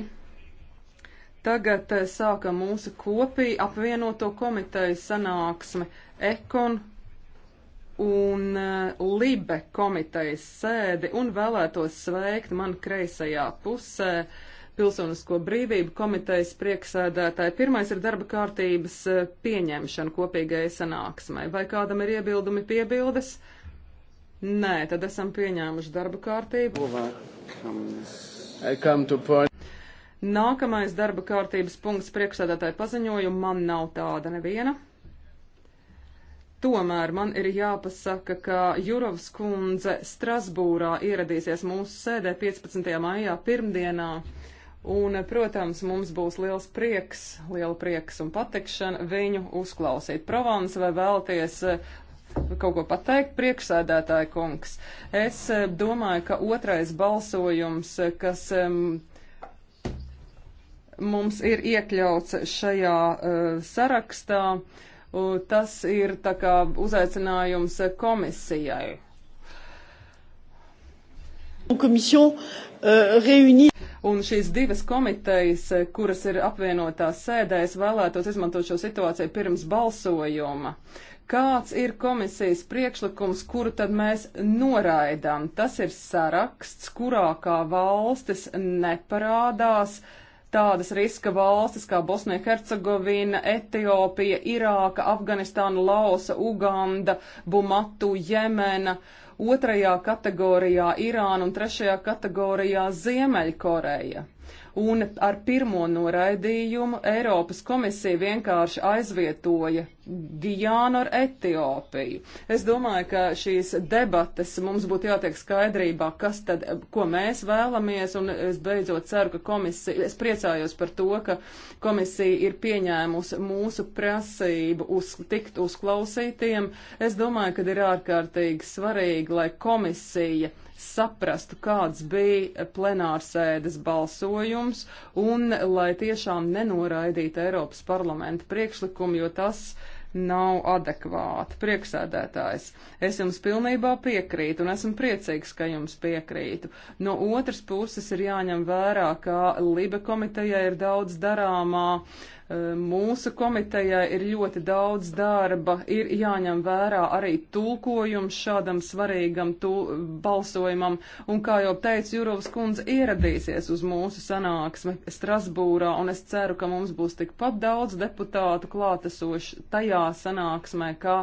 kolēģi! Tagad eh, sākam mūsu kopiju apvienoto komiteju sanāksmi Ekon un eh, Libe komitejas sēdi un vēlētos sveikt man kreisajā pusē Pilsonisko brīvību komitejas prieksēdētāji. Pirmais ir darba kārtības eh, pieņemšana kopīgajai sanāksmai. Vai kādam ir iebildumi piebildes? Nē, tad esam pieņēmuši darba kārtību. Well, Nākamais darba kārtības punkts priekšsēdētāja paziņojuma man nav tāda neviena. Tomēr man ir jāpasaka, ka Jurovs kundze Strasbūrā ieradīsies mūsu sēdē 15. maijā pirmdienā. Un, protams, mums būs liels prieks, liela prieks un patikšana viņu uzklausīt. Provans vai vēlties eh, kaut ko pateikt, priekšsēdētāja kungs. Es eh, domāju, ka otrais balsojums, eh, kas mums ir iekļauts šajā uh, sarakstā. Uh, tas ir tā kā uzaicinājums komisijai. Un eh, šīs divas komitejas, eh, kuras ir apvienotās sēdēs, vēlētos izmantot šo situāciju pirms balsojuma. Kāds ir komisijas priekšlikums, kuru tad mēs noraidām? Tas ir saraksts, kurā kā valstis neparādās uh, tādas riska valstis kā Bosnija, Hercegovina, Etiopija, Irāka, Afganistāna, Laosa, Uganda, Bumatu, Jemena, otrajā kategorijā Irāna un trešajā kategorijā Ziemeļkoreja un ar pirmo noraidījumu Eiropas komisija vienkārši aizvietoja Gijānu ar Etiopiju. Es domāju, ka šīs debates mums būtu jātiek skaidrībā, kas tad, ko mēs vēlamies, un es beidzot ceru, ka komisija, es priecājos par to, ka komisija ir pieņēmusi mūsu prasību uz, tikt uzklausītiem. Es domāju, ka ir ārkārtīgi svarīgi, lai komisija saprastu, kāds bija plenārsēdes balsojums un lai tiešām nenoraidītu Eiropas parlamenta priekšlikumu, jo tas nav adekvāti. Prieksēdētājs, es jums pilnībā piekrītu un esmu priecīgs, ka jums piekrītu. No otras puses ir jāņem vērā, ka Libe komitejai ir daudz darāmā. Uh, Eh, mūsu komitejai ir ļoti daudz darba, ir jāņem vērā arī tulkojums šādam svarīgam tu balsojumam, un, kā jau teicu, Jurovs kundze ieradīsies uz mūsu sanāksmi Strasbūrā, un es ceru, ka mums būs tikpat daudz deputātu klātesoši tajā sanāksmē, kā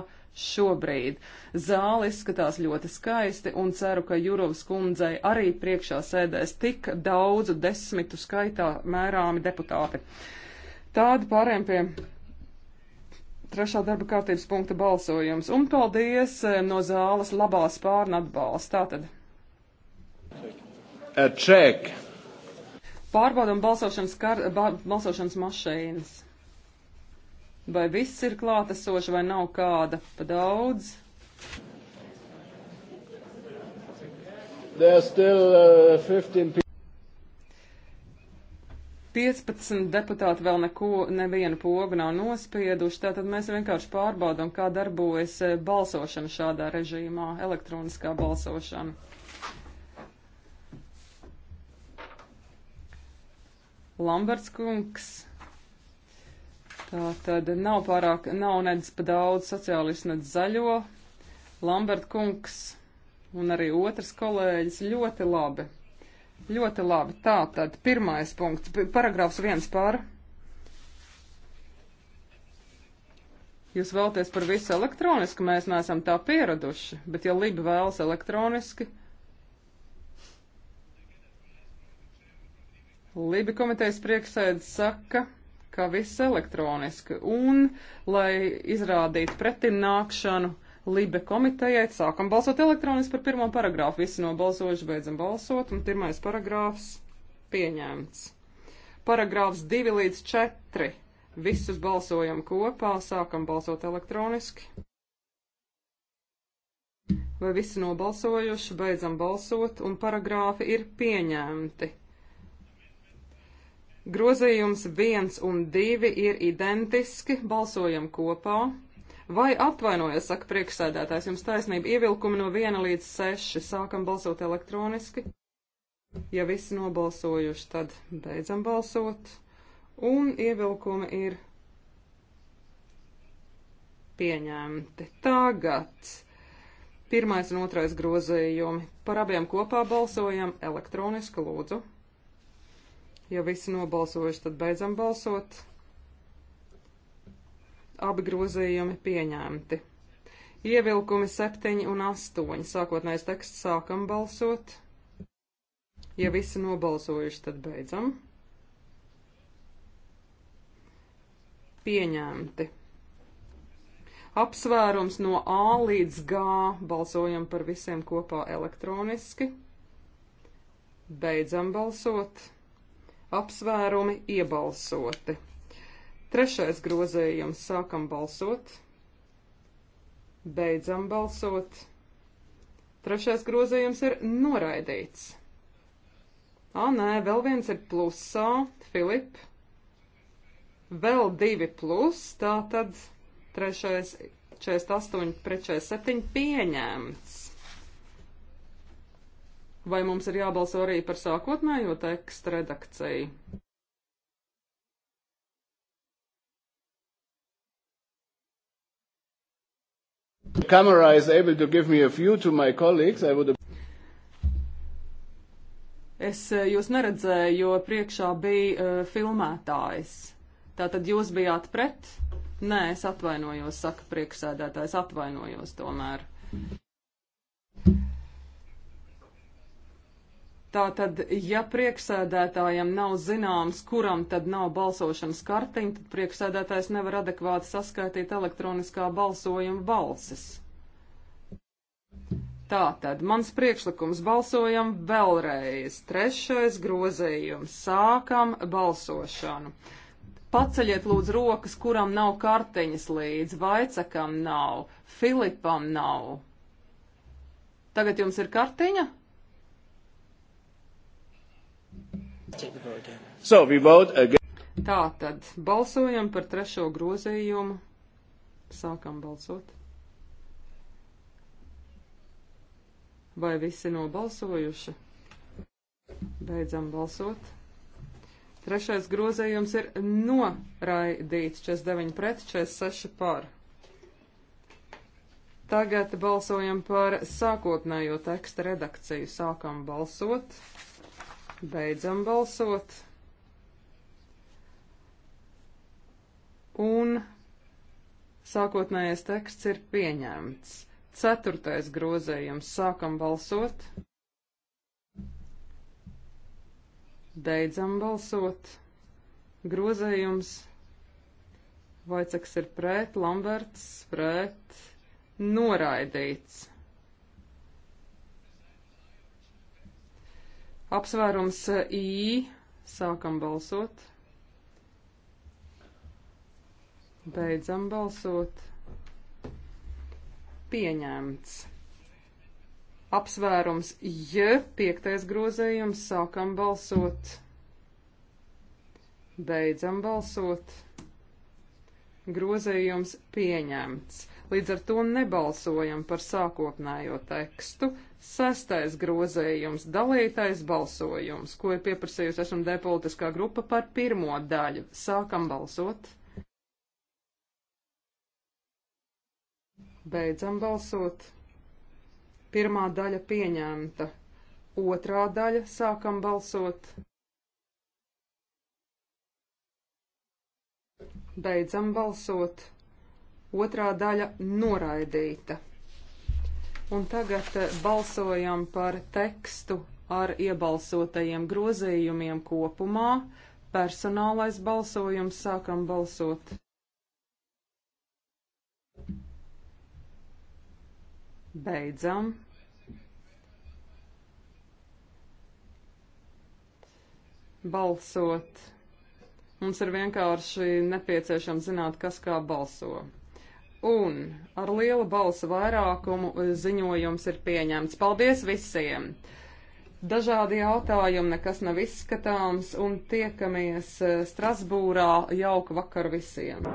šobrīd. Zāle izskatās ļoti skaisti un ceru, ka Jurovas kundzei arī priekšā sēdēs tik daudzu desmitu skaitā mērāmi deputāti. Tāda pārējiem pie trešā darba kārtības punkta balsojums. Un paldies eh, no zāles labā spārna atbalsta. Tātad. Ček. Pārbaudam balsošanas, kar, balsošanas mašīnas. Vai viss ir klātesoši vai nav kāda pa daudz? There's still uh, 15 people. 15 deputāti vēl neko, nevienu pogu nav nospieduši, tātad mēs vienkārši pārbaudām, kā darbojas eh, balsošana šādā režīmā, elektroniskā balsošana. Lamberts kungs. Tātad nav pārāk, nav nedz pa daudz sociālistu, nedz zaļo. Lambert kungs un arī otrs kolēģis ļoti labi. Ļoti labi. Tā tad pirmais punkts, paragrāfs viens pār. Jūs vēlaties par visu elektroniski, mēs neesam tā pieraduši, bet ja Liba vēlas elektroniski, Liba komitejas prieksēdz saka, ka viss elektroniski un, lai izrādītu pretim nākšanu, Libe komitejai. Sākam balsot elektroniski par pirmo paragrāfu. Visi nobalsojuši, beidzam balsot, un pirmais paragrāfs pieņemts. Paragrāfs 2 līdz 4. Visus balsojam kopā, sākam balsot elektroniski. Vai visi nobalsojuši, beidzam balsot, un paragrāfi ir pieņemti. Grozījums 1 un 2 ir identiski, balsojam kopā. Vai atvainojas, saka priekšsēdētājs, jums taisnība ievilkumi no 1 līdz 6. Sākam balsot elektroniski. Ja visi nobalsojuši, tad beidzam balsot. Un ievilkumi ir pieņemti. Tagad pirmais un otrais grozījumi. Par abiem kopā balsojam elektroniski lūdzu. Ja visi nobalsojuši, tad beidzam balsot abi grozījumi pieņemti. Ievilkumi 7 un 8. Sākotnējais teksts sākam balsot. Ja visi nobalsojuši, tad beidzam. Pieņemti. Apsvērums no A līdz G balsojam par visiem kopā elektroniski. Beidzam balsot. Apsvērumi iebalsoti. Trešais grozējums sākam balsot, beidzam balsot. Trešais grozējums ir noraidīts. Ā, nē, vēl viens ir plusā, Filip. Vēl divi plus, tā tad trešais 48 pret 47 pieņēmts. Vai mums ir jābalso arī par sākotnējo tekstu redakciju? Camera is able to give me a view to my colleagues. I would Es eh, jūs neredzēju, jo priekšā bija uh, filmētājs. Tātad jūs bijāt pret? Nē, es atvainojos, saka priekšsēdētājs, atvainojos tomēr. Tātad, ja priekšsēdētājam nav zināms, kuram tad nav balsošanas kartiņa, tad priekšsēdētājs nevar adekvāti saskaitīt elektroniskā balsojuma balsis. Tātad, mans priekšlikums balsojam vēlreiz. Trešais grozījums. Sākam balsošanu. Paceļiet lūdzu rokas, kuram nav kartiņas līdz, vaicakam nav, Filipam nav. Tagad jums ir kartiņa? So Tā tad balsojam par trešo grozījumu. Sākam balsot. Vai visi nobalsojuši? Beidzam balsot. Trešais grozējums ir noraidīts 49 pret 46 par. Tagad balsojam par sākotnējo teksta redakciju. Sākam balsot. Beidzam balsot. Un sākotnējais teksts ir pieņemts. Ceturtais grozējums. Sākam balsot. Beidzam balsot. Grozējums. Vaicaks ir pret, Lamberts pret, noraidīts. Apsvērums eh, I. Sākam balsot. Beidzam balsot. Pieņemts. Apsvērums J. Piektais grozējums. Sākam balsot. Beidzam balsot. Grozējums pieņemts. Līdz ar to nebalsojam par sākotnējo tekstu. Sestais grozējums - dalītais balsojums, ko ir pieprasījusi SMD politiskā grupa par pirmo daļu. Sākam balsot! Beidzam balsot. Pirmā daļa pieņemta. Otrā daļa sākam balsot. Beidzam balsot otrā daļa noraidīta. Un tagad eh, balsojam par tekstu ar iebalsotajiem grozījumiem kopumā. Personālais balsojums sākam balsot. Beidzam. Balsot. Mums ir vienkārši nepieciešams zināt, kas kā balso. Un ar lielu balsu vairākumu ziņojums ir pieņemts. Paldies visiem! Dažādi jautājumi, nekas nav izskatāms, un tiekamies eh, Strasbūrā. Jauka vakar visiem!